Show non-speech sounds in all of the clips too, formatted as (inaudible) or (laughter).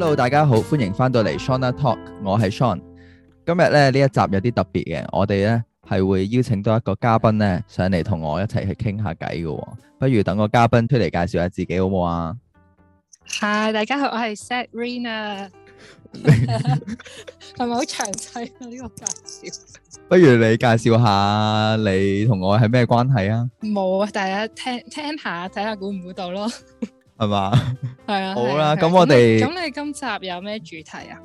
Hello，大家好，歡迎翻到嚟 Shawn Talk，我係 Shawn。今日咧呢一集有啲特別嘅，我哋咧係會邀請多一個嘉賓咧上嚟同我一齊去傾下偈嘅。不如等個嘉賓出嚟介紹下自己好冇啊？係，大家好，我係 Zrene。係咪好詳細啊？呢、啊呢個介紹， (laughs) 不如你介紹下你同我係咩關係啊？冇啊，大家聽聽下，睇下估唔估到咯。係嘛？係啊！好啦吧，咁、啊、我哋咁，你今集有咩主題啊？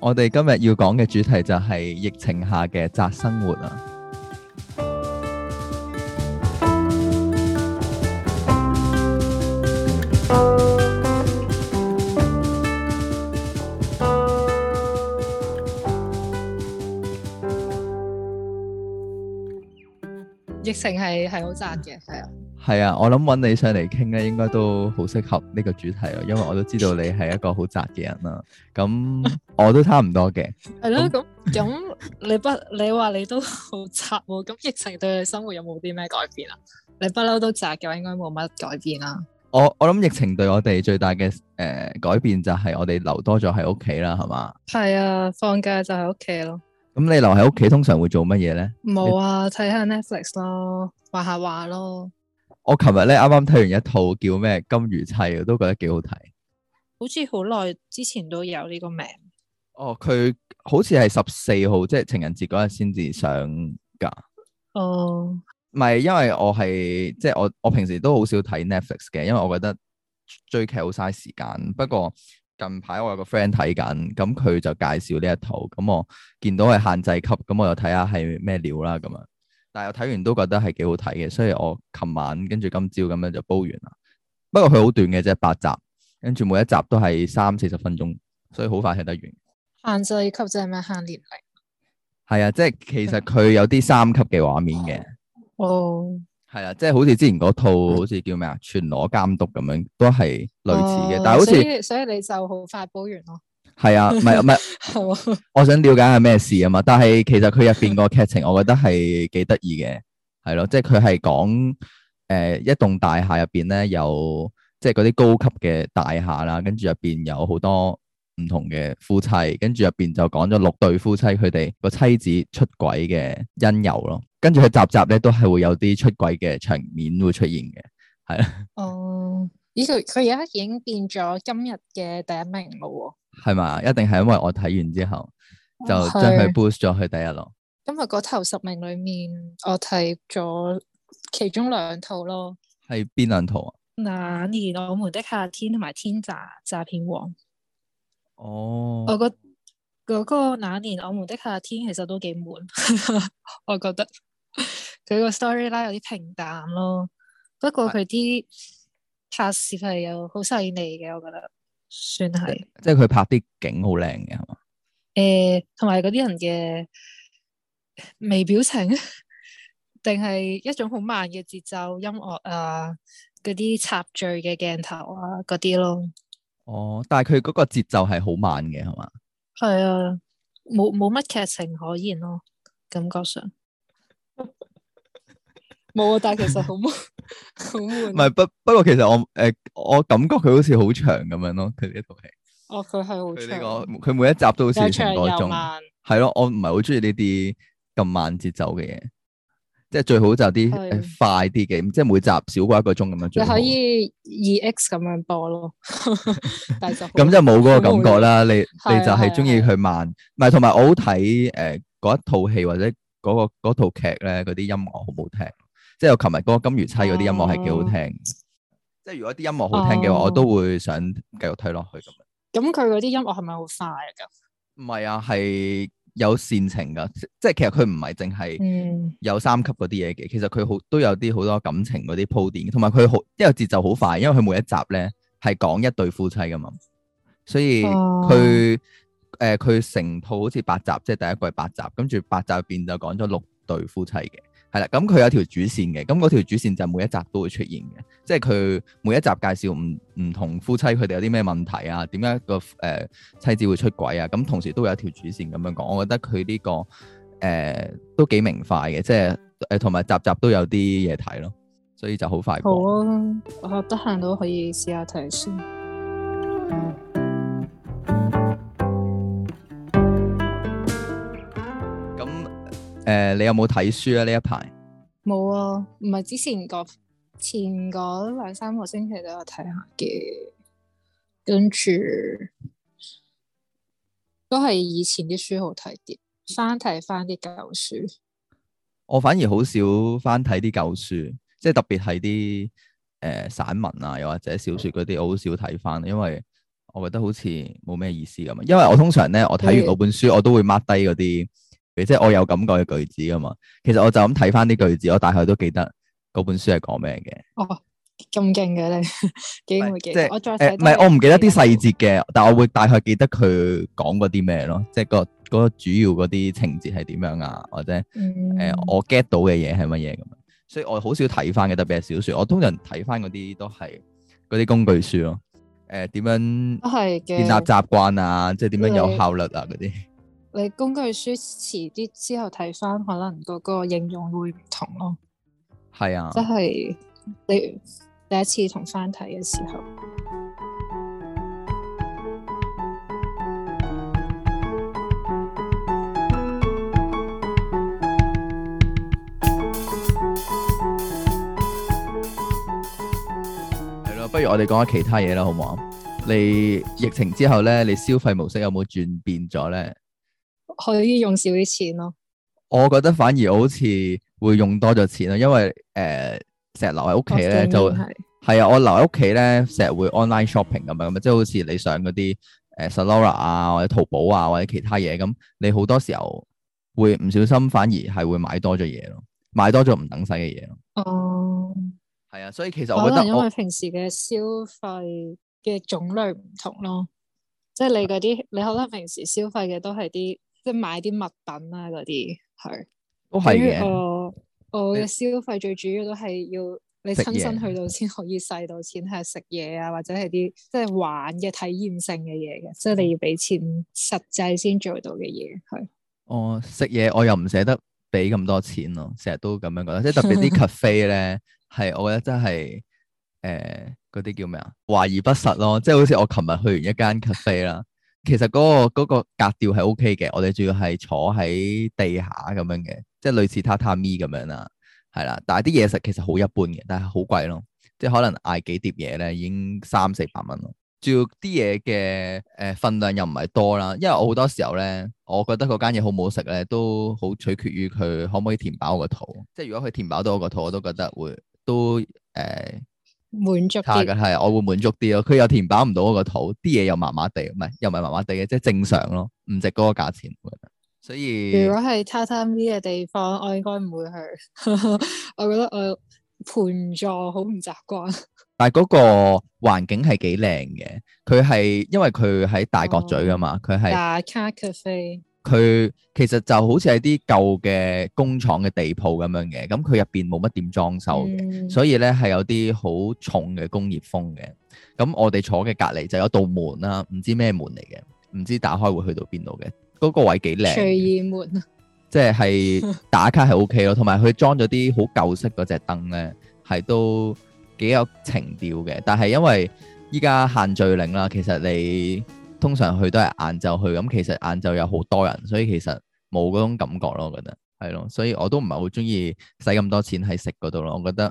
我哋今日要講嘅主題就係疫情下嘅宅生活啊。啊，啊。疫情係係好宅嘅，係啊。係啊，我諗搵你上嚟傾咧，應該都好適合呢個主題啊，因為我都知道你係一個好宅嘅人啦。咁 (laughs) 我都差唔多嘅。係咯、啊，咁咁 (laughs) 你不你話你都好宅喎。咁疫情對你生活有冇啲咩改變啊？你不嬲都宅嘅話，應該冇乜改變啦、啊。我我諗疫情對我哋最大嘅誒、呃、改變就係我哋留多咗喺屋企啦，係嘛？係啊，放假就喺屋企咯。咁你留喺屋企通常會做乜嘢咧？冇啊，睇下你 Netflix 咯，話下話咯。我琴日咧啱啱睇完一套叫咩《金魚妻》，我都覺得幾好睇。好似好耐之前都有呢個名。哦，佢好似係十四號，即係情人節嗰日先至上噶。哦、嗯，唔係，因為我係即係我我平時都好少睇 Netflix 嘅，因為我覺得追劇好嘥時間。不過近排我有個 friend 睇緊，咁、嗯、佢就介紹呢一套，咁、嗯、我見到係限制級，咁、嗯、我就睇下係咩料啦，咁、嗯、啊。但係我睇完都覺得係幾好睇嘅，所以我琴晚跟住今朝咁樣就煲完啦。不過佢好短嘅啫，八集，跟住每一集都係三四十分鐘，所以好快睇得完。限制級即係咩？限年齡？係啊，即係其實佢有啲三級嘅畫面嘅。哦，係啊，即係好似之前嗰套，好似叫咩啊，《全裸監督》咁樣，都係類似嘅。哦、但係好似，所以你就好快煲完咯。係 (laughs) 啊，唔係唔係， (laughs) 我想了解下咩事啊嘛。但係其實佢入邊個劇情，我覺得係幾得意嘅，係咯。即係佢係講誒、呃、一棟大廈入邊咧，有即係嗰啲高級嘅大廈啦，跟住入邊有好多唔同嘅夫妻，跟住入邊就講咗六對夫妻佢哋個妻子出軌嘅因由咯。跟住佢集集咧都係會有啲出軌嘅場面會出現嘅，係啊，哦、嗯，咦？佢佢而家已經變咗今日嘅第一名咯。係嘛？一定係因為我睇完之後就將佢 boost 咗去第一咯。今日嗰頭十名裏面，我睇咗其中兩套咯。係邊兩套啊？那年我們的夏天同埋天詐詐騙王。哦。我覺得個嗰個那年我們的夏天其實都幾悶， (laughs) 我覺得佢個 storyline 有啲平淡咯。不過佢啲拍攝係有好細膩嘅，我覺得。算係，即係佢拍啲景好靚嘅，係嘛？誒，同埋嗰啲人嘅微表情，定 (laughs) 係一種好慢嘅節奏音樂啊，嗰啲插序嘅鏡頭啊，嗰啲咯。哦，但係佢嗰個節奏係好慢嘅，係嘛？係啊，冇冇乜劇情可言咯，啊，感覺上冇啊。 (laughs) 但係其實好慢。 (laughs) 唔係不不，不過，其實我誒、呃，我感覺佢好似好長咁樣咯，佢呢一套戲。哦，佢係好長。佢每一集都好似成個鐘。係慢咯，我唔係好中意呢啲咁慢節奏嘅嘢，即係最好就啲快啲嘅，的即係每集少過一個鐘咁樣最好。你可以二 x 咁樣播咯， (laughs) 但係就咁 (laughs) 就冇嗰個感覺啦。難你你就係中意佢慢，唔係同埋我好睇誒，嗰、呃、一套戲或者嗰、嗰個套劇咧，嗰啲音樂好冇聽。即係我琴日嗰個金魚妻嗰啲音樂係幾好聽，哦、即係如果啲音樂好聽嘅話，哦、我都會想繼續睇落去咁樣。咁佢嗰啲音樂係咪好快啊？咁唔係啊，係有煽情噶，即係其實佢唔係淨係有三級嗰啲嘢嘅，嗯、其實佢好都有啲好多感情嗰啲鋪墊，同埋佢好因為節奏好快，因為佢每一集咧係講一對夫妻噶嘛，所以佢誒佢成套好似八集，即係第一季八集，跟住八集入邊就講咗六對夫妻嘅。係啦，咁佢、嗯嗯、有條主線嘅，咁、嗯、嗰條主線就每一集都會出現嘅，即係佢每一集介紹唔唔同夫妻佢哋有啲咩問題啊，點樣、個誒、呃、妻子會出軌啊，咁、嗯、同時都有一條主線咁樣講，我覺得佢呢、呢個誒、呃、都幾明快嘅，即係誒同埋集集都有啲嘢睇咯，所以就好快。好啊，我得閒都可以試下睇先。嗯誒、呃，你有冇睇書啊？呢一排冇啊，唔係之前個前嗰兩三個星期都有睇下嘅，跟住都係以前啲書好睇啲，翻睇翻啲舊書。我反而好少翻睇啲舊書，即係特別係啲誒散文啊，又或者小說嗰啲，對我好少睇翻，因為我覺得好似冇咩意思咁。因為我通常咧，我睇完嗰本書，對我都會 mark 低嗰啲。即係我有感覺嘅句子噶嘛，其實我就咁睇翻啲句子，我大概都記得嗰本書係講咩嘅。哦，咁勁嘅！你幾會記，記唔記？我再誒，唔係，我唔記得啲細節嘅，但係我會大概記得佢講嗰啲咩咯，即係、嗰個、嗰個主要嗰啲情節係點樣啊，或者誒、嗯呃，我 get 到嘅嘢係乜嘢咁。所以我好少睇翻嘅，特別係小說，我通常睇翻嗰啲都係嗰啲工具書咯。誒、呃，點樣建立習慣啊？即係點樣有效率啊？嗰啲。你工具書遲啲之後睇翻，可能嗰個應用會唔同咯是的。係啊，即係你第一次同翻睇嘅時候。係咯，不如我哋講下其他嘢啦，好唔好？你疫情之後咧，你消費模式有冇轉變咗咧？可以用少啲錢咯，我覺得反而好似會用多咗錢咯，因為誒成日留喺屋企咧，就係啊的，我留喺屋企咧成日會 online shopping 咁樣咁、呃、啊，即係好似你上嗰啲誒 Salora 啊或者淘寶啊或者其他嘢咁，你好多時候會唔小心反而係會買多咗嘢咯，買多咗唔等使嘅嘢咯。哦、嗯，係啊，所以其實我覺得因為我平時嘅消費嘅種類唔同咯，即係你嗰啲你可能平時消費嘅都係啲。即係買啲物品啊，嗰啲係，跟住、哦、我的我嘅消費最主要都係要你親身去到先可以使到錢，係食嘢啊，的或者係啲即係玩嘅體驗性嘅嘢嘅，即係你要俾錢實際先做到嘅嘢係。哦，食嘢我又唔捨得俾咁多錢咯，成日都咁樣覺得。即係特別啲 cafe 咧，係 (laughs) 我覺得真係誒嗰啲叫咩啊華而不實咯，即係好似我琴日去完一間 cafe 啦。其實嗰、嗰個、嗰個格調係 O K 嘅，我哋主要係坐喺地下咁樣嘅，即係類似榻榻米咁樣啦，係啦。但係啲嘢食其實好一般嘅，但係好貴咯，即係可能嗌幾碟嘢咧，已經三四百蚊咯。仲要啲嘢嘅誒份量又唔係多啦，因為我好多時候咧，我覺得嗰間嘢好唔好食咧，都好取決於佢可唔可以填飽我個肚。即係如果佢填飽到我個肚，我都覺得會都誒。呃滿足，係噶係，我會滿足啲。咯佢又填飽唔到我個肚，啲嘢又麻麻地，唔係又唔係麻麻地嘅，即係正常咯。唔值嗰個價錢，所以如果係榻榻米嘅地方，我應該唔會去。 (laughs) 我覺得我盤坐好唔習慣。但係嗰個環境係幾靚嘅，佢係因為佢喺大角咀噶嘛，佢係大卡咖啡。，佢其實就好似係啲舊嘅工廠嘅地鋪咁樣嘅，咁佢入邊冇乜點裝修嘅，嗯、所以咧係有啲好重嘅工業風嘅。咁我哋坐嘅隔籬就有道門啦，唔知咩門嚟嘅，唔知打開會去到邊度嘅，嗰、嗰個位幾靚。隨意門啊！即係打卡係 O 通常去都係晏晝去，咁其實晏晝有好多人，所以其實冇嗰種感覺咯。我覺得係咯，所以我都唔係好中意使咁多錢喺食嗰度咯。我覺得誒、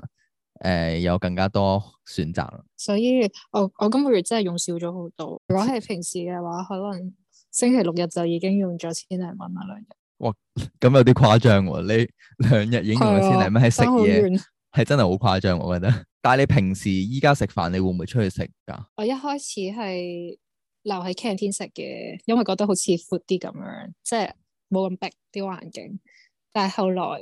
呃、有更加多選擇。所以我我今個月真係用少咗好多。如果係平時嘅話，可能星期六日就已經用咗千零蚊啊兩日。哇，咁有啲誇張喎！你兩日已經用咗千零蚊喺食嘢，係真係好誇張，我覺得。但係你平時依家食飯，你會唔會出去食噶？我一開始係。留喺 canteen 食嘅，因為覺得好似闊啲咁樣，即係冇咁逼啲環境。但係後來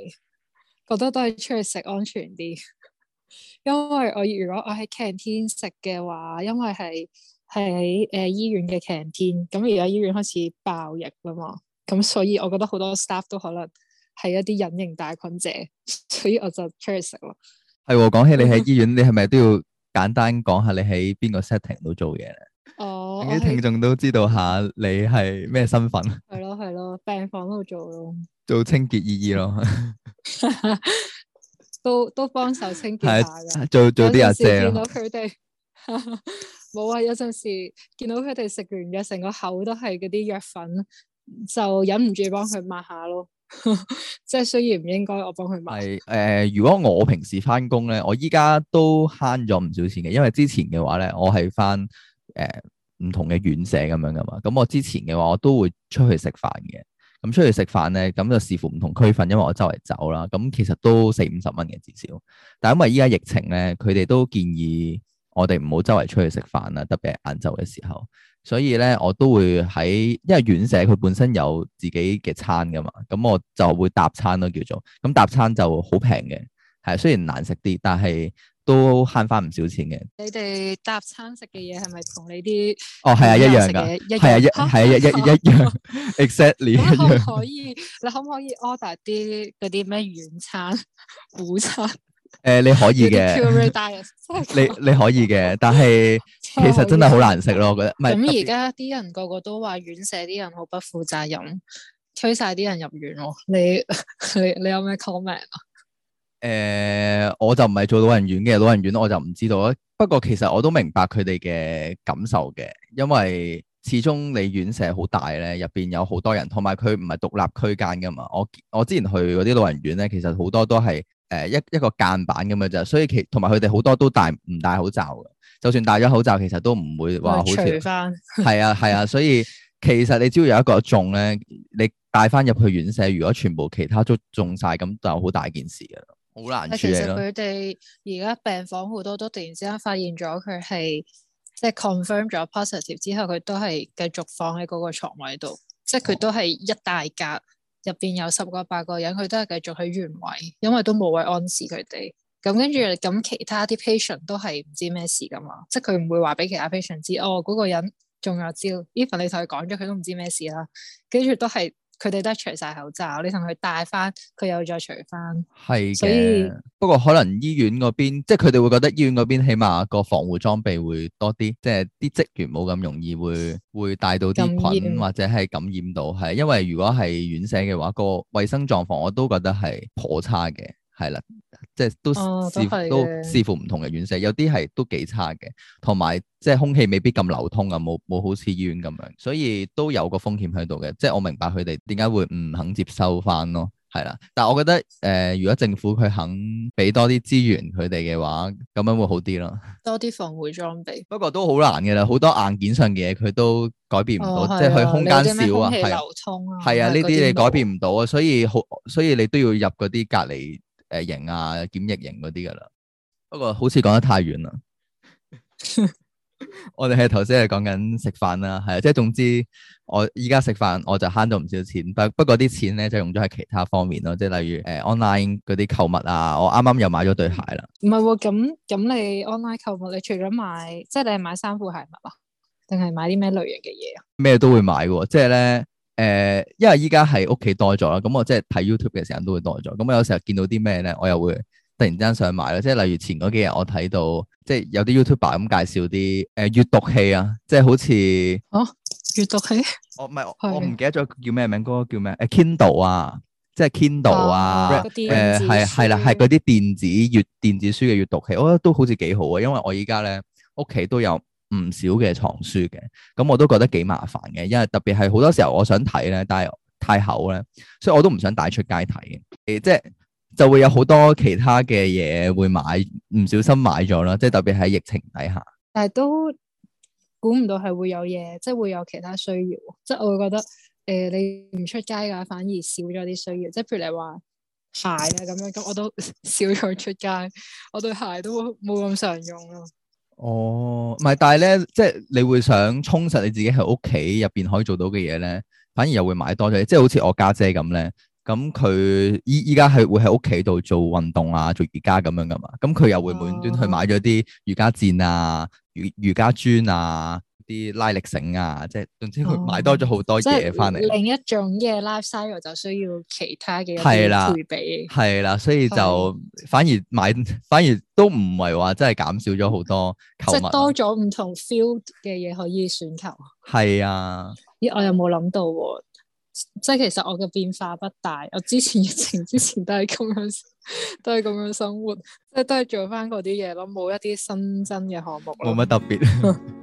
覺得都係出去食安全啲， (laughs) 因為我如果我喺 canteen 食嘅話，因為係係喺誒醫院嘅 canteen，咁而家醫院開始爆疫啦嘛，咁所以我覺得好多 staff 都可能係一啲隱形帶菌者，所以我就出去食咯。係，講起你喺醫院，你係咪都要簡單講下你喺邊個 setting 度做嘢呢？哦。Uh, 啲聽眾都知道下你係咩身份？係咯係咯，病房度做咯， (laughs) (laughs) 做清潔意義咯，都都幫手清潔下做做啲阿姐、姐 (laughs) 啊。見到佢哋，冇啊！有陣時見到佢哋食完藥成個口都係嗰啲藥粉，就忍唔住幫佢抹下咯。 (laughs) 即係雖然唔應該我幫佢抹。係誒、呃，如果我平時翻工咧，我依家都慳咗唔少錢嘅，因為之前嘅話咧，我係翻誒。呃唔同嘅院舍咁樣噶嘛，咁我之前嘅話我都會出去食飯嘅，咁出去食飯咧，咁就視乎唔同區份，因為我周圍走啦，咁其實都四五十蚊嘅至少。但因為依家疫情咧，佢哋都建議我哋唔好周圍出去食飯啦，特別係晏晝嘅時候。所以咧，我都會喺，因為院舍佢本身有自己嘅餐噶嘛，咁我就會搭餐咯叫做，咁搭餐就好平嘅，係雖然難食啲，但係。都慳翻唔少錢嘅。你哋搭餐食嘅嘢係咪同你啲哦係啊一樣嘅，係啊一係一一一樣。exactly 你。可唔可以你可唔可以 order 啲嗰啲咩軟餐、午餐？誒，你可以嘅。你你可以嘅，但係其實真係好難食咯，我覺得。咁而家啲人個個都話院舍啲人好不負責任，推晒啲人入院。你你你有咩 comment 啊？誒、呃，我就唔係做老人院嘅，老人院我就唔知道咯。不過其實我都明白佢哋嘅感受嘅，因為始終你院舍好大咧，入邊有好多人，同埋佢唔係獨立區間噶嘛我我之前去嗰啲老人院咧，其實好多都係誒、呃、一一個間板咁嘅啫，所以其同埋佢哋好多都戴唔戴口罩嘅，就算戴咗口罩，其實都唔會話好少，係啊係啊，啊 (laughs) 所以其實你只要有一個中咧，你帶翻入去院舍，如果全部其他都中晒，咁就好大件事噶啦好難處理。其實佢哋而家病房好多都突然之間發現咗佢係即係、就是、confirm 咗 positive 之後，佢都係繼續放喺嗰個床位度，即係佢都係一大格入邊有十個八個人，佢都係繼續去原位，因為都冇位安置佢哋。咁跟住咁其他啲 patient 都係唔知咩事噶嘛，即係佢唔會話俾其他 patient 知哦，嗰、那個人中咗招。Even 你同佢講咗，佢都唔知咩事啦。跟住都係。佢哋都除晒口罩，你同佢戴翻，佢又再除翻，係嘅的。以不過可能醫院嗰邊，即係佢哋會覺得醫院嗰邊起碼個防護裝備會多啲，即係啲職員冇咁容易會會帶到啲菌或者係感染到，係言因為如果係院舍嘅話，個衛生狀況我都覺得係頗差嘅。係啦，即係都視、哦、都視乎唔同嘅院舍，有啲係都幾差嘅，同埋即係空氣未必咁流通啊，冇冇好似醫院咁樣，所以都有個風險喺度嘅。即係我明白佢哋點解會唔肯接收翻咯，係啦。但係我覺得誒、呃，如果政府佢肯俾多啲資源佢哋嘅話，咁樣會好啲咯。多啲防護裝備。 (laughs) 不過都好難嘅啦，好多硬件上嘅嘢，佢都改變唔到，哦、即係佢空間少啊，係啊，係啊，呢啲你改變唔到啊，所以好，所以，所以你都要入嗰啲隔離。誒，型啊，檢疫型嗰啲噶啦，不過好似講得太遠啦。 (laughs) 我哋係頭先係講緊食飯啦，係啊，即係總之我依家食飯我就慳到唔少錢，不不過啲錢咧就用咗喺其他方面咯，即係例如誒、呃、online 嗰啲購物啊，我啱啱又買咗對鞋啦。唔係喎，咁咁你 online 購物，你除咗買，即、就、係、是、你係買衫褲鞋襪啊，定係買啲咩類型嘅嘢啊？咩都會買喎，即係咧。誒、呃，因為依家系屋企多咗啦，咁我即係睇 YouTube 嘅時間都會多咗。咁我有時候見到啲咩咧，我又會突然之間想買啦。即係例如前嗰幾日我睇到，即係有啲 YouTuber 咁介紹啲誒閱讀器啊，即係好似啊閱讀器。哦，唔係是，我唔記得咗叫咩名嗰個叫咩？誒、啊、Kindle 啊，即係 Kindle 啊，誒係係啦，係嗰啲電子閱電子書嘅閱讀器，我覺得都好似幾好啊。因為我依家咧屋企都有唔少嘅藏書嘅，咁我都覺得幾麻煩嘅，因為特別係好多時候我想睇咧，但係太厚咧，所以我都唔想帶出街睇嘅、呃，即係就會有好多其他嘅嘢會買，唔小心買咗啦，即係特別喺疫情底下，但係都估唔到係會有嘢，即係會有其他需要，即係我會覺得，誒，你唔出街噶反而少咗啲需要，即係譬如你話鞋啊咁樣，咁我都少咗出街，我對鞋都冇咁常用咯。哦，唔係，但係咧，即係你會想充實你自己喺屋企入邊可以做到嘅嘢咧，反而又會買多咗，即係好似我家姐咁咧，咁佢依依家係會喺屋企度做運動啊，做瑜伽咁樣噶嘛，咁佢又會滿端去買咗啲瑜伽墊啊，瑜伽磚啊。啲拉力繩啊，即係總之佢買多咗好多嘢翻嚟，哦、另一種嘅 lifestyle (music) 就需要其他嘅配備，係啦，所以就、嗯、反而買，反而都唔係話真係減少咗好多購物，即係多咗唔同 feel 嘅嘢可以選購，係啊，咦，我又冇諗到、啊、嗯、即係其實我嘅變化不大，我之前疫情 (laughs) 之、之前都係咁樣，都係咁樣生活，即係都係做翻嗰啲嘢咯，冇一啲新增嘅項目，冇乜特別。 (laughs)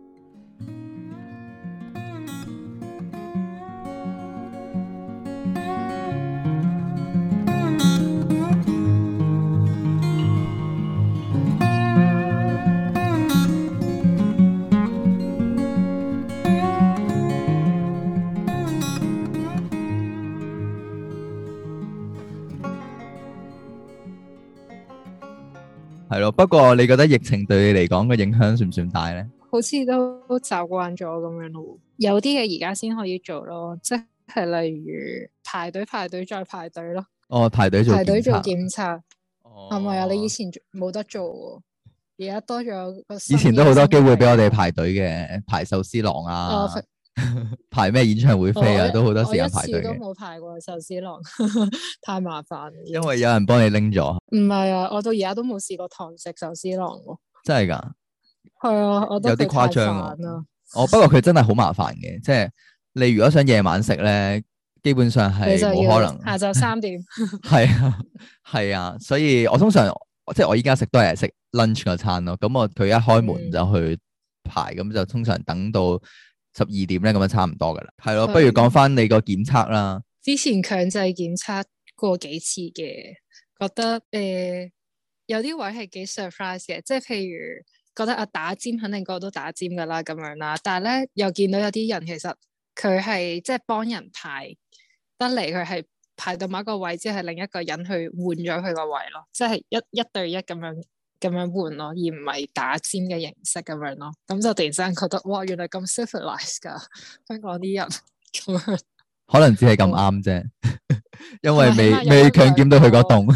係咯，不過你覺得疫情對你嚟講嘅影響算唔算大咧？好似都習慣咗咁樣咯，有啲嘅而家先可以做咯，即係例如排隊排隊再排隊咯。哦，排隊做排隊做檢查，係咪啊？你以前冇得做，而家多咗。以前都好多機會俾我哋排隊嘅，排壽司郎啊。哦 (laughs) 排咩演唱會飛啊？都好多時間排隊都冇排過壽司郎， (laughs) 太麻煩。因為有人幫你拎咗。唔係啊，我到而家都冇試過堂食壽司郎喎。真係噶、啊？係 (laughs) 啊，我有啲誇張啊。哦，不過佢真係好麻煩嘅，即係你如果想夜晚食咧，基本上係冇可能。下晝三點。係啊，係啊，所以我通常即係我依家食都係食 lunch 個餐咯。咁我佢一開門就去排，咁就通常等到。 (laughs) 十二點咧，咁樣差唔多噶啦。係咯，不如講翻你個檢測啦。之前強制檢測過幾次嘅，覺得誒、呃、有啲位係幾 surprise 嘅，即係譬如覺得阿打尖肯定個個都打尖噶啦咁樣啦，但係咧又見到有啲人其實佢係即係幫人排得嚟，佢係排到某一個位之後，係、即係、另一個人去換咗佢個位咯，即係一一對一咁樣。咁樣換咯，而唔係打尖嘅形式咁樣咯，咁就突然之間覺得，哇，原來咁 civilized 噶，香港啲人可能只係咁啱啫，嗯、因為未未碼強檢到佢嗰棟，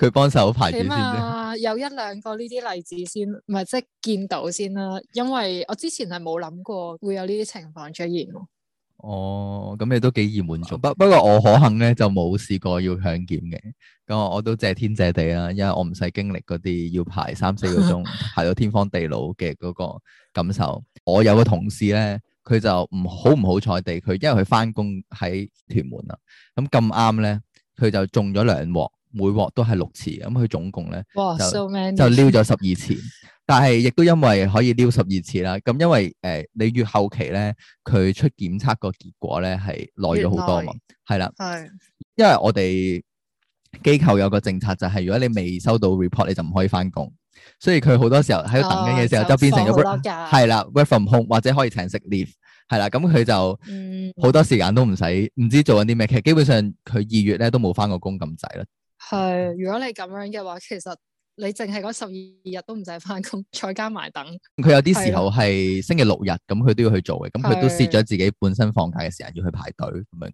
佢 (laughs) 幫手排住先啫。有一兩個呢啲例子先，唔係即係見到先啦，因為我之前係冇諗過會有呢啲情況出現。哦，咁你都幾易滿足？哦，不不過我可幸咧就冇試過要強檢嘅，咁我都謝天謝地啦，啊，因為我唔使經歷嗰啲要排三四個鐘， (laughs) 排到天荒地老嘅嗰個感受。我有個同事咧，佢就唔好唔好彩地，佢因為佢翻工,喺屯門啊，咁咁啱咧，佢就中咗兩鑊。每鑊都係六次，咁佢總共咧就溜咗十二次，但係亦都因為可以溜十二次啦。咁因為誒你越後期咧，佢出檢測個結果咧係耐咗好多嘛，係啦，因為,、呃、因為我哋機構有個政策就係，如果你未收到 report，你就唔可以翻工，所以佢好多時候喺度等緊嘅時候、哦、就,就變成咗 work、啊、係啦 work from home 或者可以請 sick leave，係啦，咁佢就好多時間都唔使唔知做緊啲咩，其實基本上佢二月咧都冇翻過工咁滯啦。係，如果你咁樣嘅話，其實你淨係嗰十二日都唔使翻工，再加埋等。佢有啲時候係星期六日，咁佢的都要去做嘅，咁佢的都蝕咗自己本身放假嘅時間要去排隊咁樣嘅。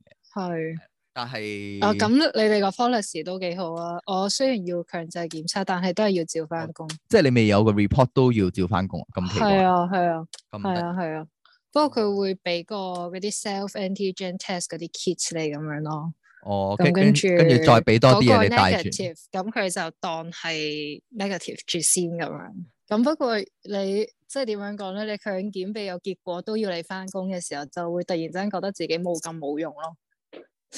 係的，但係是啊，咁、啊啊啊啊、你哋個 f o l l i 都幾好啊！我雖然要強制檢測，但係都係要照翻工。即係、嗯就是、你未有個 report 都要照翻工啊？咁奇怪。係啊，係啊，係啊，係啊。不過佢會俾個嗰啲 self antigen test 嗰啲 kits 你咁樣咯。哦，跟住，跟住再俾多啲嘢你帶住，咁佢就當係 negative 住先咁樣。咁不過你即係點樣講咧？你強檢俾有結果都要你翻工嘅時候，就會突然間覺得自己冇咁冇用咯。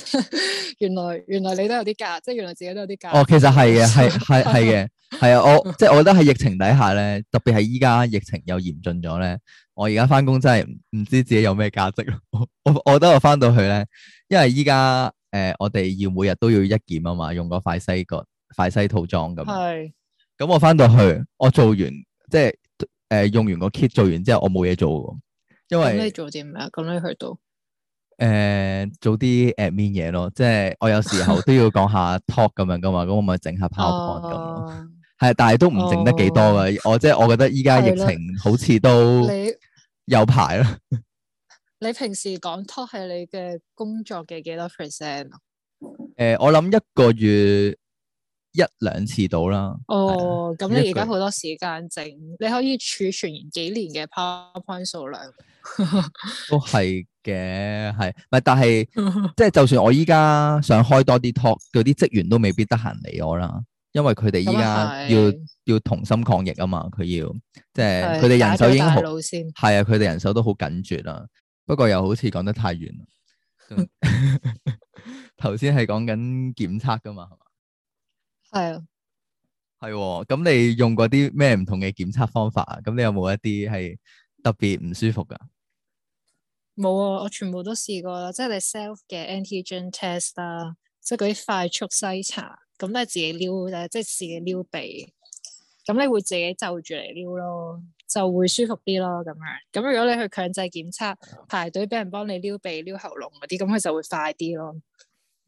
(laughs) 原來原來你都有啲價，即係原來自己都有啲價。哦，其實係嘅，係係係嘅，係啊。 (laughs) 我即係我覺得喺疫情底下咧，特別係依家疫情又嚴峻咗咧，我而家翻工真係唔知自己有咩價值咯。 (laughs) 我我覺得我翻到去咧，因為依家。誒、呃，我哋要每日都要一件啊嘛，用個快西個快西套裝咁。係是。咁、嗯、我翻到去，我做完即係誒、呃、用完個 kit 做完之後，我冇嘢做。因為你做啲咩啊？咁你去到？誒、呃，做啲 admin 嘢咯，即係我有時候都要講下 talk 咁樣噶嘛。咁 (laughs) 我咪整下 powerpoint 咁係，啊、 (laughs) 但係都唔整得幾多噶。啊、我即係我覺得依家疫情好似都有排啦。你 (laughs) 你平時講 talk 係你嘅工作嘅幾多 percent 啊？誒、呃，我諗一個月一兩次到啦。哦，咁你而家好多時間整，你可以儲存幾年嘅 PowerPoint 數量 (laughs) 都係嘅，係咪？但係即係， (laughs) 就，就算我依家想開多啲 talk，嗰啲職員都未必得閒理我啦，因為佢哋依家要是要同心抗疫啊嘛，佢要即係佢哋人手已經好，先。係啊，佢哋人手都好緊絕啦、啊。不過又好似講得太遠啦。頭先係講緊檢測噶嘛，係嘛？係啊，係咁。你用過啲咩唔同嘅檢測方法啊？咁你有冇一啲係特別唔舒服噶？冇 (laughs) 啊，我全部都試過啦。即係你 self 嘅 antigen test 啊，即係嗰啲快速篩查，咁都係自己撩咧，即係自己撩鼻。咁你會自己就住嚟撩咯。就會舒服啲咯，咁樣。咁如果你去強制檢測，嗯、排隊俾人幫你撩鼻、撩喉嚨嗰啲，咁佢就會快啲咯。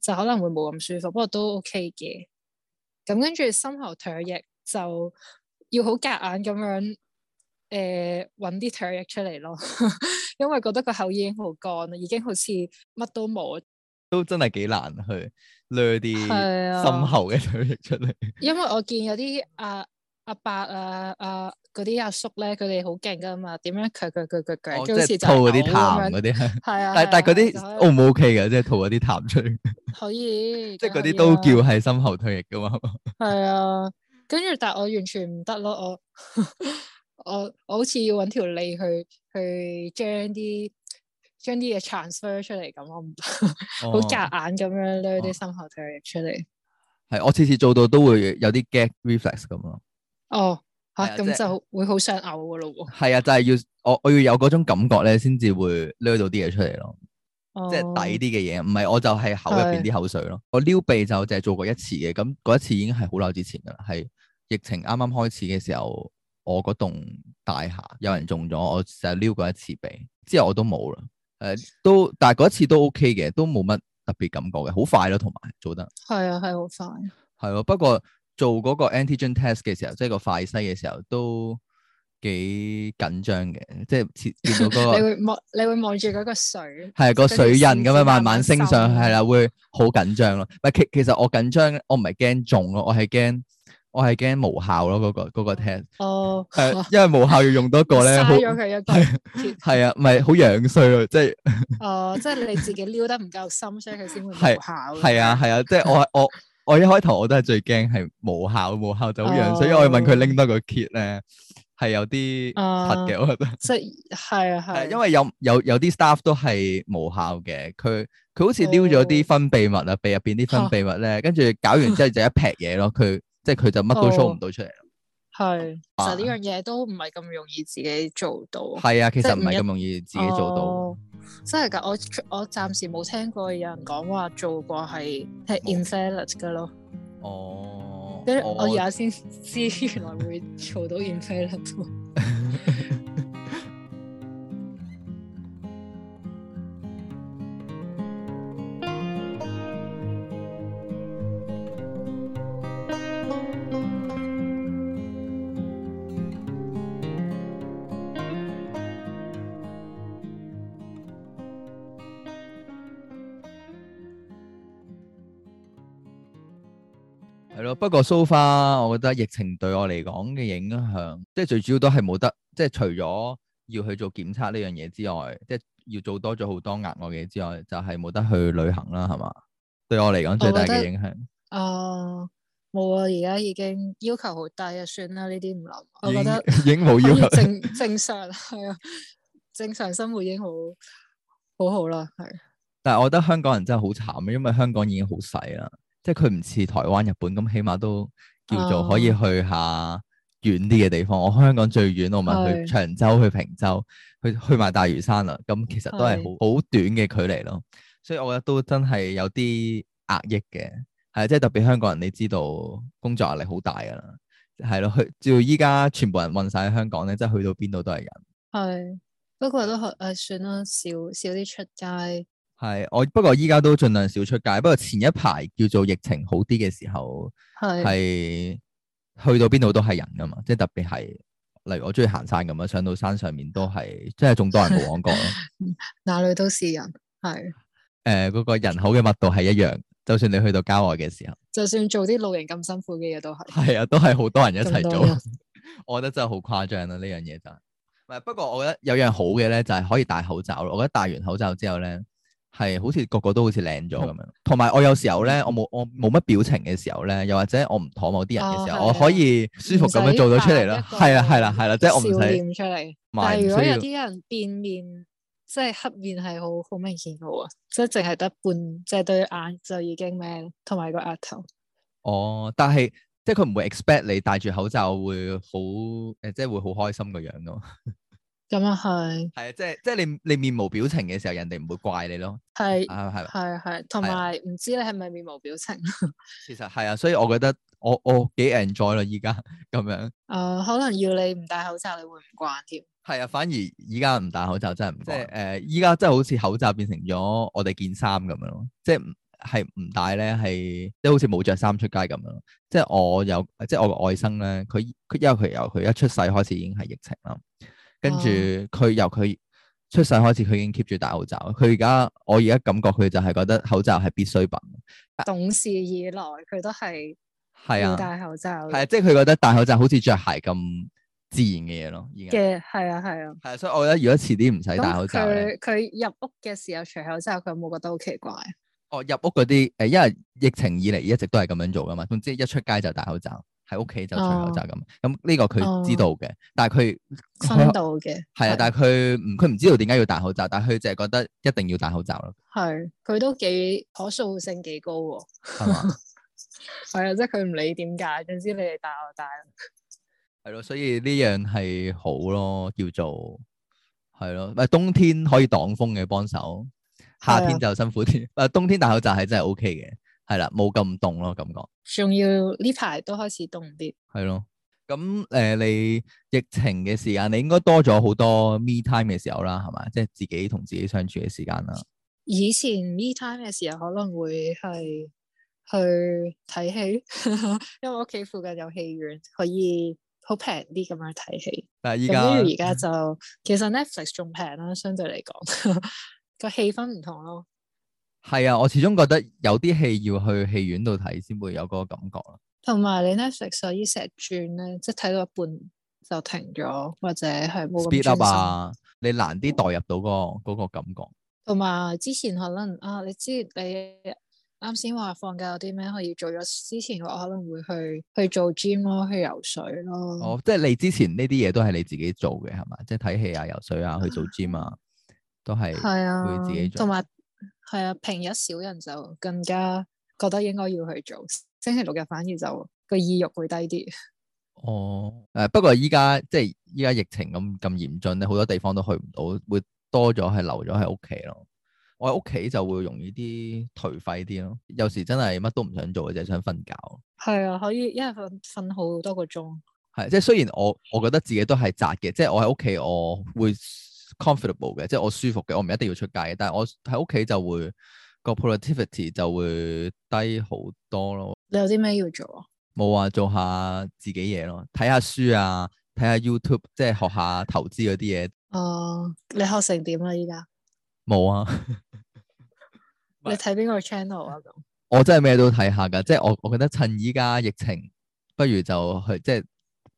就可能會冇咁舒服，不過都 OK 嘅。咁跟住深喉唾液就要好夾硬咁樣，誒、呃，搵啲唾液出嚟咯。 (laughs) 因為覺得個口已經好乾啦，已經好似乜都冇，都真係幾難去掠啲深喉嘅唾液出嚟。啊、因為我見有啲阿。啊阿伯啊，阿嗰啲阿叔咧，佢哋好勁噶嘛？點樣佢，佢，佢，佢，佢，到時就吐嗰啲痰嗰啲。係啊，但但嗰啲 O 唔 O K 噶？即係吐嗰啲痰出嚟。可以。哦、可以即係嗰啲都叫係深喉唾液噶嘛？係啊、 (laughs) 嗯，跟住但係我完全唔得咯，我我我好似要揾條脷去去將啲將啲嘢 transfer 出嚟咁，我唔好夾硬咁樣攞啲深喉唾液出嚟。係，我次次做到都會有啲 gag reflex 咁咯。哦，吓咁、啊、就會好想嘔噶咯喎，係啊，就係、是、要我我要有嗰種感覺咧，先至會撩到啲嘢出嚟咯，哦、即係抵啲嘅嘢，唔係我就係口入邊啲口水咯。是我撩鼻就淨係做過一次嘅，咁嗰一次已經係好耐之前噶啦，係疫情啱啱開始嘅時候，我嗰棟大廈有人中咗，我就撩過一次鼻，之後我都冇啦。誒、呃，都但係嗰一次都 OK 嘅，都冇乜特別感覺嘅，好快咯、啊，同埋做得係啊，係好快，係咯、 (noise) 啊，不過。做嗰個 antigen test 嘅時候，即、就、係、是、個快篩嘅時候，都幾緊張嘅。即係見到嗰、那個 (laughs) 你，你會望你會望住嗰個水，係個的水印咁樣慢慢升上去，係啦，會好緊張咯。唔其其實我緊張，我唔係驚中咯，我係驚我係驚無效咯。嗰、那個那個 test 哦，係、呃、因為無效要用多個咧，嘥咗佢一個。係啊很，唔係好樣衰咯，即係哦， (laughs) 即係你自己撩得唔夠深，所以佢先會無效。 (laughs) 係啊，係啊，即係我係我。 (laughs) (laughs) 我一開頭我都係最驚係無效，無效就好樣，oh. 所以我問佢拎多個 kit 咧，係有啲核嘅，uh, 我覺得即係係啊，係因為有有有啲 staff 都係無效嘅，佢佢好似撩咗啲分泌物啊，oh. 鼻入邊啲分泌物咧，跟住哈搞完之後就一劈嘢咯，佢 (laughs) 即係佢就乜都 show 唔到出嚟咯，係、oh. 啊，其實呢樣嘢都唔係咁容易自己做到，係啊，其實唔係咁容易自己做到。哦真係噶，我我暫時冇聽過有人講話做過係係 inflation 噶咯哦。哦，跟住我而家先知 (laughs) 原來會做到 inflation 喎。不過 so far，我覺得疫情對我嚟講嘅影響，即係最主要都係冇得，即係除咗要去做檢測呢樣嘢之外，即係要做多咗好多額外嘅嘢之外，就係、是、冇得去旅行啦，係嘛？對我嚟講，最大嘅影響啊，冇啊，而、呃、家已經要求好低啊，算啦，呢啲唔諗。我覺得已經冇要求，正正常係啊，正常生活已經好好啦，係。但係我覺得香港人真係好慘啊，因為香港已經好細啦。即係佢唔似台灣、日本咁，起碼都叫做可以去下遠啲嘅地方。啊、我香港最遠，的我咪去長洲、的去平洲、去去埋大嶼山啦。咁其實都係好好短嘅距離咯。所以我覺得都真係有啲壓抑嘅，係，即係特別香港人，你知道工作壓力好大㗎啦，係咯。去照依家全部人混晒喺香港咧，即係去到邊度都係人。係不過都學誒算啦，少少啲出街。係我不過依家都盡量少出街。不過前一排叫做疫情好啲嘅時候，係是去到邊度都係人噶嘛，即係特別係，例如我中意行山噉樣，上到山上面都係，即係仲多人冇講過咯。 (laughs) 哪裏都是人，係誒，嗰、呃那個人口嘅密度係一樣，就算你去到郊外嘅時候，就算做啲露營咁辛苦嘅嘢都係，係啊，都係好多人一齊做。 (laughs) 我覺得真係好誇張啦呢樣嘢就係、是，係不，不過我覺得有樣好嘅咧，就係、是、可以戴口罩咯。我覺得戴完口罩之後咧。係好似個個都好似靚咗咁樣，同埋我有時候咧，我冇我冇乜表情嘅時候咧，又或者我唔妥某啲人嘅時候，哦、我可以舒服咁樣做到出嚟咯。係啊、嗯，係、嗯、啦，係啦，即係我唔睇，笑出嚟，但係如果有啲人變面，即、就、係、是、黑面係好好明顯嘅喎，即係淨係得半即係、就是、對眼就已經咩，同埋個額頭。哦，但係即係佢唔會 expect 你戴住口罩會好誒，即、就、係、是、會好開心嘅樣咯、哦。咁啊，係，係啊，即係即係你你面無表情嘅時候，人哋唔會怪你咯。係啊係，係係，同埋唔知你係咪面無表情。其實係啊，所以我覺得我我幾 enjoy 啦，依家咁樣。誒，可能要你唔戴口罩，你會唔慣添？係啊，反而依家唔戴口罩真係唔即係誒，依家真係好似口罩變成咗我哋件衫咁樣咯，即係係唔戴咧，係即係好似冇着衫出街咁樣。即係我有即係我個外甥咧，佢佢因為佢由佢一出世開始已經係疫情啦。跟住佢由佢出世開始，佢已經 keep 住戴口罩。佢而家，我而家感覺佢就係覺得口罩係必需品。懂事以來佢都係，係啊，戴口罩。係、啊啊、即係佢覺得戴口罩好似着鞋咁自然嘅嘢咯，而家。嘅係啊係啊。係啊，啊，所以我覺得如果遲啲唔使戴口罩，佢入屋嘅時候除口罩，佢有冇覺得好奇怪？哦，入屋嗰啲誒，因為疫情以嚟一直都係咁樣做噶嘛。總之一出街就戴口罩。喺屋企就戴口罩咁，咁呢、哦、個佢知道嘅，哦、但係佢深度嘅係啊，但係佢唔佢唔知道點解要戴口罩，但係佢淨係覺得一定要戴口罩咯。係，佢都幾可塑性幾高喎、哦。係啊吧， (laughs) 即係佢唔理點解，總之你哋戴我戴。係咯，所以呢樣係好咯，叫做係咯，咪冬天可以擋風嘅幫手，夏天就辛苦啲。誒的，冬天戴口罩係真係 O K 嘅。係啦，冇咁凍咯，感覺。仲要呢排都開始凍啲。係咯，咁誒、呃，你疫情嘅時間，你應該多咗好多 me time 嘅時候啦，係嘛？即係自己同自己相處嘅時間啦。以前 me time 嘅時候，可能會係去睇戲， (laughs) 因為我屋企附近有戲院，可以好平啲咁樣睇戲。但係依家，而家就其實 Netflix 仲平啦，相對嚟講 (laughs) 個氣氛唔同咯。係啊，我始終覺得有啲戲要去戲院度睇先會有嗰個感覺咯。同埋你 Netflix 可以成日轉咧，即係睇到一半就停咗，或者係冇咁專心。你難啲代入到嗰、嗰、嗰、個嗰個感覺。同埋之前可能啊，你知你啱先話放假有啲咩可以做咗？之前我可能會去去做 gym 咯，去游水咯。哦，即係你之前呢啲嘢都係你自己做嘅係嘛？即係睇戲啊、游水啊、去做 gym 啊，都係係啊，會自己做。同埋、啊。係啊，平日少人就更加覺得應該要去做，星期六日反而就個意欲會低啲。哦，誒，不過依家即係依家疫情咁咁嚴峻咧，好多地方都去唔到，會多咗係留咗喺屋企咯。我喺屋企就會容易啲頹廢啲咯，有時真係乜都唔想做嘅，就係想瞓覺。係啊，可以一日瞓瞓好多個鐘。係啊，即係雖然我我覺得自己都係宅嘅，即係我喺屋企我會。comfortable 嘅，即係我舒服嘅，我唔一定要出街嘅。但係我喺屋企就會個 productivity 就會低好多咯。你有啲咩要做啊？冇啊，做下自己嘢咯，睇下書啊，睇下 YouTube，即係學下投資嗰啲嘢。哦，uh, 你學成點有啊？依家冇啊。你睇邊個 channel 啊？咁我真係咩都睇下㗎，即係我我覺得趁依家疫情，不如就去即係。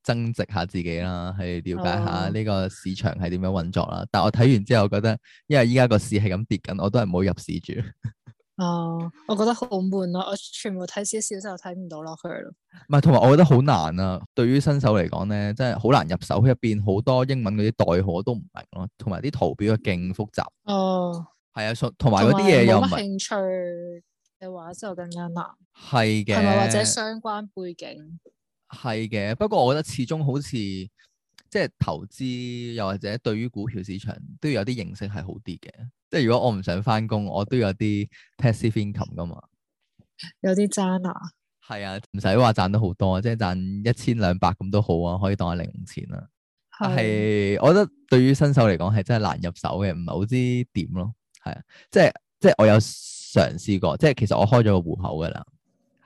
增值下自己啦，去了解下呢個市場係點樣運作啦。Oh. 但係我睇完之後，覺得因為依家個市係咁跌緊，我都係唔好入市住。哦 (laughs) ，oh, 我覺得好悶咯，我全部睇少少就睇唔到落去咯。唔係，同埋我覺得好難啊，對於新手嚟講咧，真係好難入手面。入邊好多英文嗰啲代號我都唔明咯，啊，同埋啲圖表又勁複雜。哦，係啊，同埋嗰啲嘢有冇興趣嘅話就更加難。係嘅的。係咪或者相關背景？係嘅，不過我覺得始終好似即係投資，又或者對於股票市場都要有啲認識係好啲嘅。即係如果我唔想翻工，我都有啲 passive income 噶嘛，有啲賺啊？係啊，唔使話賺得好多，即係賺一千兩百咁都好啊，可以當下零用錢啦。係的，我覺得對於新手嚟講係真係難入手嘅，唔係好知點咯。係啊，即係即係我有嘗試過，即係其實我開咗個戶口噶啦。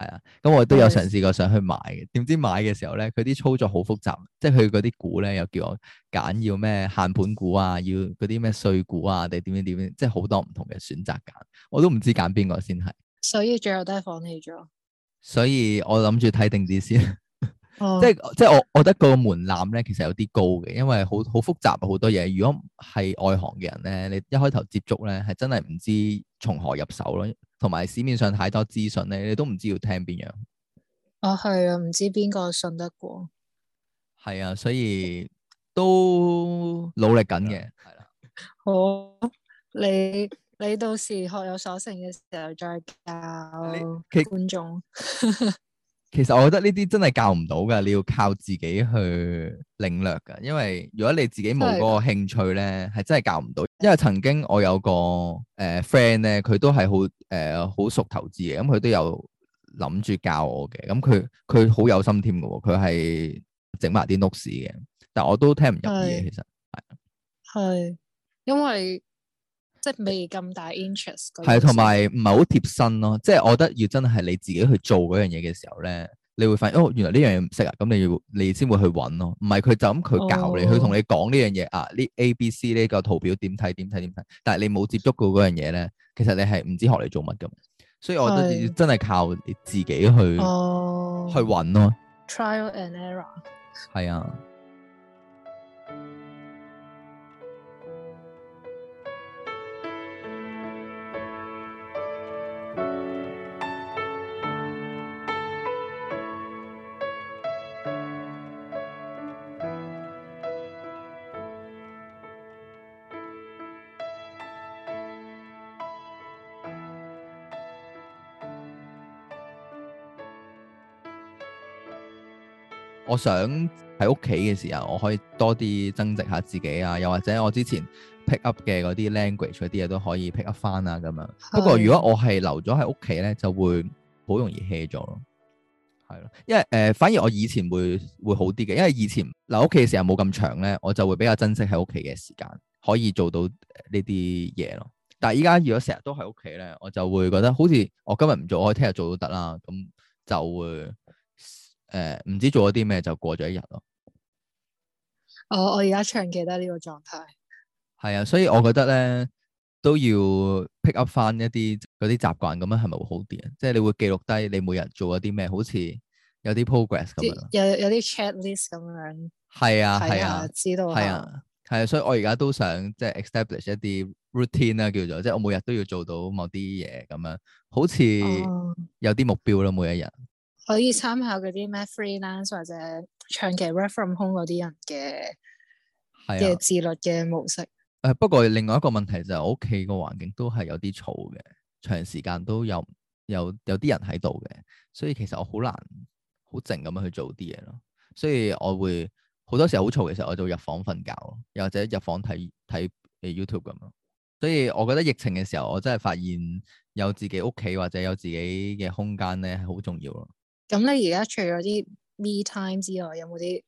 係啊，咁我都有嘗試過上去買嘅，點知買嘅時候咧，佢啲操作好複雜，即係佢嗰啲股咧又叫我揀要咩限盤股啊，要嗰啲咩碎股啊，定點點點，即係好多唔同嘅選擇揀，我都唔知揀邊個先係。所以最後都係放棄咗。所以我諗住睇定啲先、 (laughs) oh. 即，即係即係我我覺得個門檻咧其實有啲高嘅，因為好好複雜好多嘢。如果係外行嘅人咧，你一開頭接觸咧，係真係唔知從何入手咯。同埋市面上太多資訊咧，你都唔知要聽邊樣。啊、哦，係啊，唔知邊個信得過。係啊，所以都努力緊嘅。係啦的。的好，你你到時學有所成嘅時候再教觀眾。 (laughs) 其實我覺得呢啲真係教唔到噶，你要靠自己去領略噶。因為如果你自己冇嗰個興趣咧，係的真係教唔到。因為曾經我有個誒 friend 咧，佢、呃、都係好誒好熟投資嘅，咁、嗯、佢都有諗住教我嘅。咁佢佢好有心添嘅喎，佢係整埋啲屋 o 嘅，但我都聽唔入耳。的其實係，係因為。即係未咁大 interest 嗰啲，係同埋唔係好貼身咯。即係我覺得要真係你自己去做嗰樣嘢嘅時候咧，你會發現哦，原來呢樣嘢唔識啊，咁你要你先會去揾咯。唔係佢就咁佢教你，佢同、哦、你講呢樣嘢啊，呢 A、B、C 呢個圖表點睇點睇點睇，但係你冇接觸過嗰樣嘢咧，其實你係唔知學嚟做乜噶嘛。所以我覺得是要真係靠你自己去、哦、去揾咯。Trial and error 係啊。我想喺屋企嘅時候，我可以多啲增值下自己啊，又或者我之前 pick up 嘅嗰啲 language 啲嘢都可以 pick up 翻啊咁樣。的不過如果我係留咗喺屋企咧，就會好容易 hea 咗咯，係咯，因為誒、呃、反而我以前會會好啲嘅，因為以前留屋企嘅時候冇咁長咧，我就會比較珍惜喺屋企嘅時間，可以做到呢啲嘢咯。但係依家如果成日都喺屋企咧，我就會覺得好似我今日唔做，我可以聽日做都得啦，咁就會。誒，唔、嗯、知做咗啲咩就過咗一日咯，哦。我我而家尚記得呢個狀態。係啊，所以我覺得咧都要 pick up 翻一啲嗰啲習慣咁樣，係咪會好啲啊？即係你會記錄低你每日做咗啲咩，好似有啲 progress 咁樣。有有啲 c h a t l i s t 咁樣。係啊係啊，啊啊知道啊。係啊係啊，所以我而家都想即係 establish 一啲 routine 啦，啊，叫做即係我每日都要做到某啲嘢咁樣，好似有啲目標咯，嗯，每一日。可以參考嗰啲咩 freelance 或者唱 K、work from home 嗰啲人嘅嘅是、啊、自律嘅模式。誒、呃，不過另外一個問題就係屋企個環境都係有啲嘈嘅，長時間都有有有啲人喺度嘅，所以其實我好難好靜咁樣去做啲嘢咯。所以我會好多時候好嘈嘅時候，我就入房瞓覺，又或者入房睇睇誒 YouTube 咁咯。所以我覺得疫情嘅時候，我真係發現有自己屋企或者有自己嘅空間咧，係好重要咯。咁你而家除咗啲 Me Time 之外，有冇啲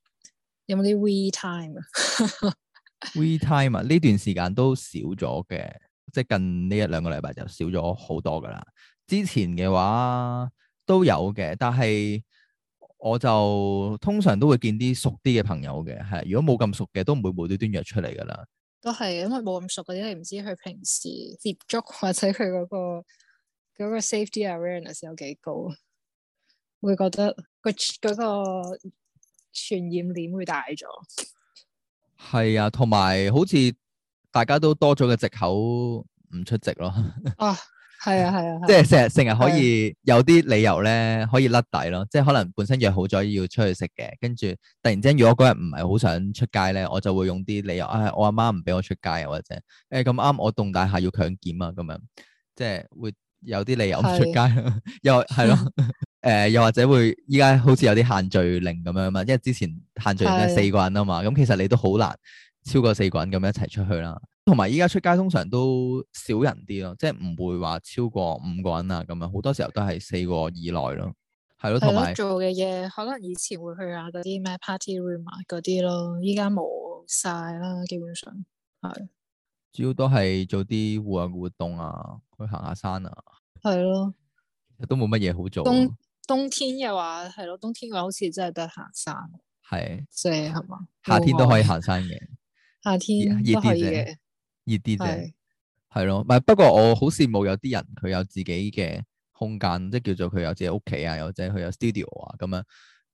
有冇啲 We Time 啊 (laughs) ？We Time 啊，呢段時間都少咗嘅，即係近呢一兩個禮拜就少咗好多噶啦。之前嘅話都有嘅，但係我就通常都會見啲熟啲嘅朋友嘅，係如果冇咁熟嘅，都唔會冇端端約出嚟噶啦。都係，因為冇咁熟嗰啲，你唔知佢平時接觸或者佢嗰個嗰個 Safety Awareness 有幾高。會覺得個嗰個傳染鏈會大咗，係啊，同埋好似大家都多咗個藉口，唔出席咯。哦，係啊，係啊，即係成日成日可以有啲理由咧，可以甩底咯。即係可能本身約好咗要出去食嘅，跟住突然之間，如果嗰日唔係好想出街咧，我就會用啲理由，誒、哎，我阿媽唔俾我出街，或者誒咁啱我棟大廈要強檢啊，咁樣，即係會有啲理由唔出街是又係咯。 (laughs) (laughs) 誒、呃、又或者會依家好似有啲限聚令咁樣啊嘛，因為之前限聚令四個人啊嘛，咁的其實你都好難超過四個人咁樣一齊出去啦。同埋依家出街通常都少人啲咯，即係唔會話超過五個人啊咁樣啊，好多時候都係四個以內咯，係咯。同埋做嘅嘢可能以前會去下啲咩 party room 啊嗰啲咯，依家冇晒啦，基本上係。主要都係做啲戶外活動啊，去行下山啊。係咯的，都冇乜嘢好做。冬天嘅話係咯，冬天嘅話好似真係得行山。係的，即係嘛？夏天都可以行山嘅，夏天熱啲啫，熱啲啫，係咯的。唔係不過我好羨慕有啲人，佢有自己嘅空間，即係叫做佢有自己屋企啊，或者有者佢有 studio 啊，咁樣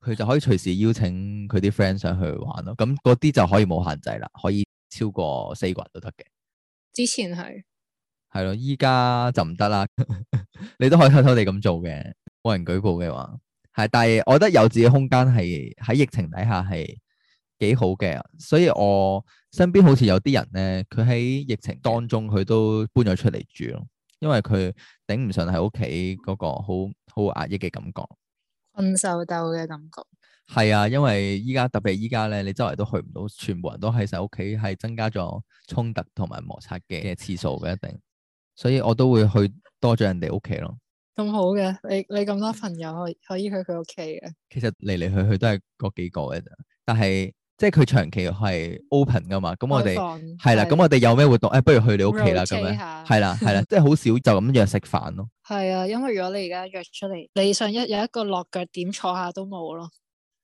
佢就可以隨時邀請佢啲 friend 上去玩咯。咁嗰啲就可以冇限制啦，可以超過四個人都得嘅。之前係，係咯，依家就唔得啦。 (laughs) 你都可以偷偷哋咁做嘅。冇人舉報嘅話，係，但係我覺得有自己空間係喺疫情底下係幾好嘅，所以我身邊好似有啲人咧，佢喺疫情當中佢都搬咗出嚟住咯，因為佢頂唔順喺屋企嗰個好好壓抑嘅感覺，困受鬥嘅感覺，係啊，因為依家特別依家咧，你周圍都去唔到，全部人都喺晒屋企，係增加咗衝突同埋摩擦嘅嘅次數嘅一定，所以我都會去多咗人哋屋企咯。咁好嘅，你你咁多朋友可以去佢屋企嘅。其實嚟嚟去去都係嗰幾個嘅啫，但係即係佢長期係 open 噶嘛。咁我哋係啦，咁我哋有咩活動？誒、哎，不如去你屋企啦。咁樣係啦，係啦，即係好少就咁約食飯咯。係啊，因為如果你而家約出嚟，你想一有一個落腳點坐下都冇咯。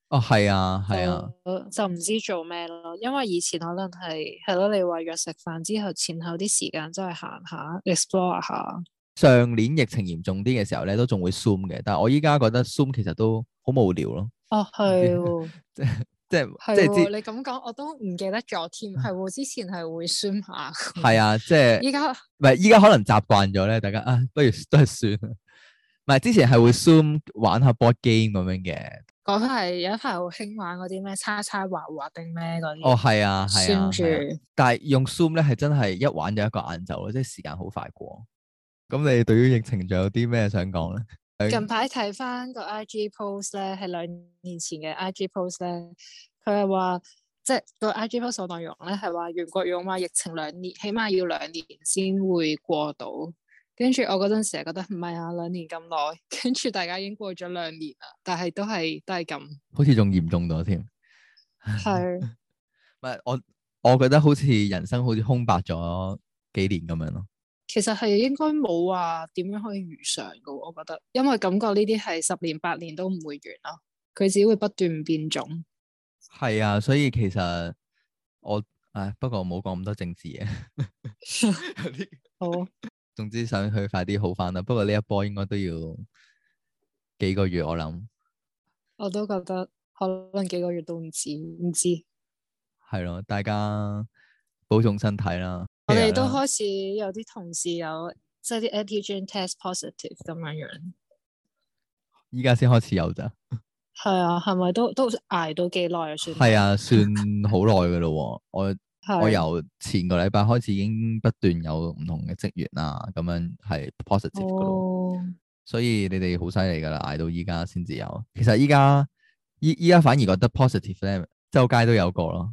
哦，係啊，係啊，就唔知做咩咯。因為以前可能係係咯，你話約食飯之後前後啲時間真係行下 explore 下。上年疫情嚴重啲嘅時候咧，都仲會 zoom 嘅，但係我依家覺得 zoom 其實都好無聊咯。哦，係哦， (laughs) 即係、哦、即係即係，你咁講我都唔記得咗添，係喎、啊，之前係會 zoom 下。係啊，即係依家唔係依家可能習慣咗咧，大家啊，不如都係 zoom。唔 (laughs) 係之前係會 zoom 玩下 board game 咁樣嘅。嗰排有一排好興玩嗰啲咩叉叉滑滑定咩嗰啲。哦，係啊，係啊，住、啊。啊啊啊啊、但係用 zoom 咧係真係一玩咗一個晏晝咯，即、就、係、是、時間好快過。咁你對於疫情仲有啲咩想講咧？ (laughs) 近排睇翻個 I G post 咧，係兩年前嘅 I G post 咧，佢係話即係、個 I G post 內容咧係話袁國勇話、啊、疫情兩年起碼要兩年先會過到，跟住我嗰陣時係覺得唔係啊，兩年咁耐，跟住大家已經過咗兩年啦，但係都係都係咁，好似仲嚴重咗添，係 (laughs) 係是？ (laughs) 我我覺得好似人生好似空白咗幾年咁樣咯。其實係應該冇話點樣可以如常噶，我覺得，因為感覺呢啲係十年八年都唔會完啦、啊，佢只會不斷變種。係啊，所以其實我誒、哎，不過我冇講咁多政治嘢。 (laughs) (laughs) 好，總之想佢快啲好返啦。不過呢一波應該都要幾個月，我諗。我都覺得可能幾個月都唔止，唔止。係咯、啊，大家保重身體啦。 (noise) 我哋都開始有啲同事有即係啲 antigen test positive 咁樣樣，依家先開始有咋？係 (laughs) 啊，係咪都都挨到幾耐 (laughs) 啊？算係 (laughs) 啊，算好耐噶咯。我我由前個禮拜開始已經不斷有唔同嘅職員啦，咁樣係 positive 噶咯。哦、所以你哋好犀利噶啦，挨到依家先至有。其實依家依依家反而覺得 positive 咧，周街都有個咯。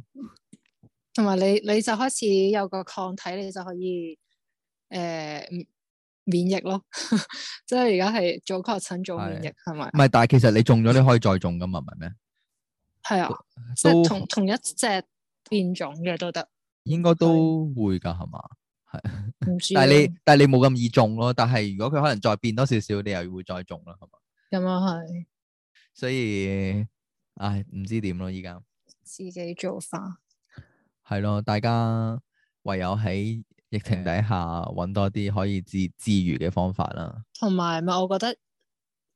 同埋你，你就開始有個抗體，你就可以誒、呃，免疫咯。即係而家係早確診早免疫係咪？唔係的吧，但係其實你中咗，你可以再中噶嘛，唔係咩？係啊的，都 即係同同一隻變種嘅都得，應該都會噶係嘛？係的的。 (laughs) 但係你但係你冇咁易中咯。但係如果佢可能再變多少少，你又會再中啦，係嘛？咁啊係。所以，唉，唔知點咯，而家自己做法。係咯，大家唯有喺疫情底下揾多啲可以自自愈嘅方法啦。同埋咪，我覺得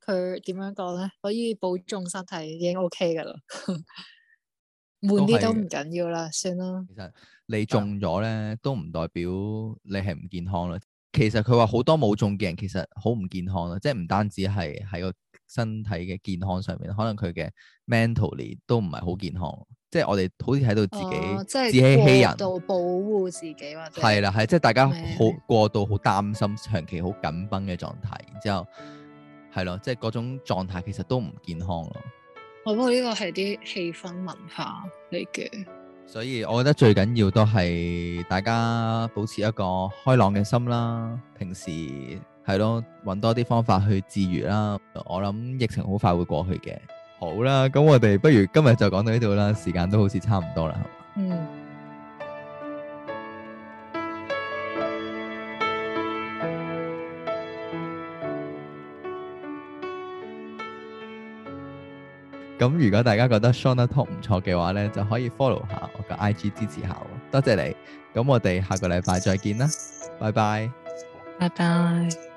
佢點樣講咧，可以保重身體已經 OK 噶啦，悶 (laughs) 啲都唔緊要啦，2 算啦了。其實你中咗咧，都唔代表你係唔健康啦。但 其實佢話好多冇中嘅人，其實好唔健康啦，即係唔單止係喺個身體嘅健康上面，可能佢嘅 mentally 都唔係好健康。即係我哋好似喺度自己自欺欺人，過度保護自己或者係啦，係的即係大家好的過度好擔心，長期好緊繃嘅狀態，然之後係咯，即係嗰種狀態其實都唔健康咯。我不過呢個係啲氣氛文化嚟嘅，所以我覺得最緊要都係大家保持一個開朗嘅心啦，的平時係咯，搵多啲方法去治愈啦。我諗疫情好快會過去嘅。好啦，咁我哋不如今日就講到呢度啦，時間都好似差唔多啦，係嘛？嗯。咁如果大家覺得 Shonda Talk 唔錯嘅話咧，就可以 follow 下我嘅 IG 支持下我，多謝你。咁我哋下個禮拜再見啦，拜拜，拜拜。